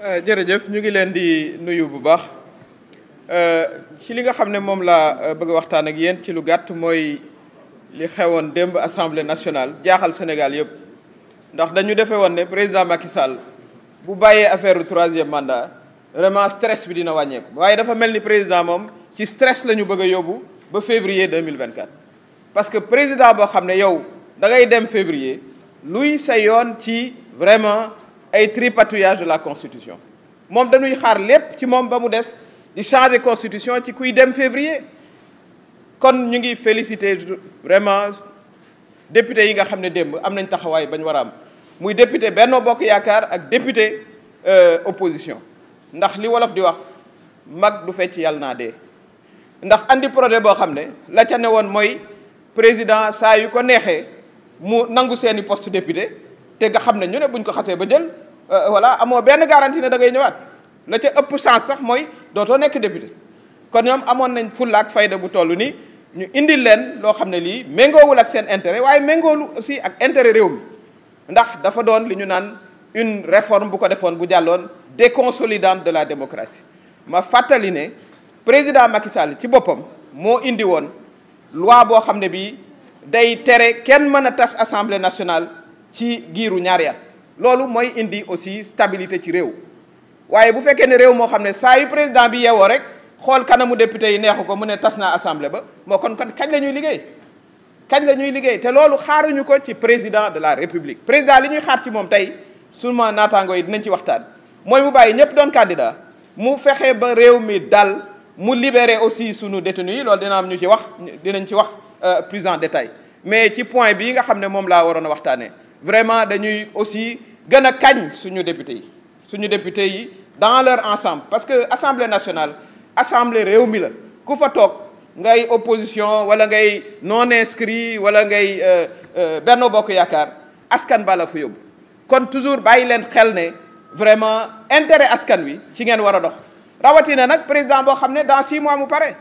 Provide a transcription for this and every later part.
Euh, jërëjëf ñu ngi leen di nuyu bu baax euh, ci li nga xam ne moom laa euh, bëgg a waxtaan ak yéen ci lu gàtt mooy li xewoon démb assemblée nationale jaaxal Sénégal yëpp ndax dañu defee woon ne président Macky Sall bu bàyyee affaire troisième mandat vraiment stress bi dina wàññeeku waaye dafa mel ni président moom ci stress la ñu bëgg a yóbbu ba février 2024. parce que président boo xam ne yow dangay dem février luy sa yoon ci vraiment ay tripatouillage de la constitution moom dañuy xaar lépp ci moom ba mu des di changer constitution ci kuy dem février kon ñu ngi féliciter vraiment député yi nga xam ne démb am nañ taxawaay bañ war a am muy député benn Bokk Yaakaar ak député euh, opposition ndax li wolof di wax mag du fecc yàlla naa dee ndax andi projet boo xam ne la ca ne woon mooy président saa yu ko neexee mu nangu seeni poste député te nga xam ne ñu ne buñ ko xasee ba jël euh, voilà amoo benn garantie ne da ngay ñëwaat la ca ëpp chance sax mooy dootoo nekk député kon ñoom amoon nañ fulla ak fayda bu toll nii ñu indil leen loo xam ne lii méngoowul ak seen intérêt waaye méngoolu aussi ak intérêt réew mi ndax dafa doon li ñu naan une réforme bu ko defoon bu jàlloon déconsolidante de la démocratie ma fàttali ne président Macky Sall ci boppam moo indi woon loi boo xam ne bii day tere kenn mën a tas assemblée nationale ci giiru ñaari at loolu mooy indi aussi stabilité ci réew waaye bu fekkee ne réew moo xam ne saa yu président bi yeewoo rek xool kanamu député yi neexu ko mu ne tas naa assemblée ba moo kon kon kañ la ñuy liggéey kañ la ñuy liggéey te loolu xaaruñu ko ci président de la république président li ñuy xaar ci moom tey suma naataangoo yi dinañ ci waxtaan mooy mu bàyyi ñëpp doon candidat mu fexe ba réew mi dal mu libéré aussi sunu détenus yi loolu dina am ñu ci wax dinañ ci wax euh, plus en détail mais ci point bii nga xam ne moom laa waroon a waxtaanee. vraiment dañuy aussi gën a kañ suñu député yi suñu député yi dans leur ensemble parce que assemblée nationale assemblée réew mi la ku fa toog ngay opposition wala ngay non inscrit wala ngay euh, euh, Benno Bokk Yaakaar askan ba la fa yóbbu kon toujours bàyyi leen xel ne vraiment intérêt askan wi ci ngeen war a dox rawatina nag président boo xam ne dans six mois mu pare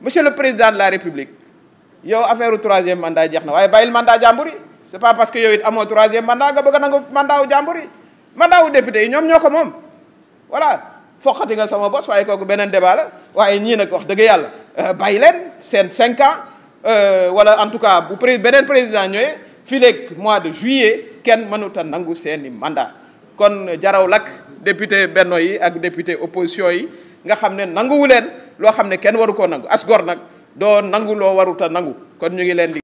monsieur le président de la république yow affaire troisième mandat jeex na waaye bàyyil jàmbur c'est pas parce que yow it amoo troisième mandat nga bëgg a nangu mandat wu jàmbur yi mandat wu député yi ñoom ñoo ko moom voilà foqati nga sama bos waaye kooku beneen débat la waaye ñii nag wax dëgg yàlla euh, bàyyi leen seen cinq ans euh, wala en tout cas bu pré beneen président ñëwee fii léegi mois de juillet kenn mënut a nangu seeni mandat kon jaraw lak député benno yi ak député opposition yi nga xam ne nanguwu leen loo xam ne kenn waru koo nangu as gor nag doo nangu loo waruta nangu kon ñu ngi leen di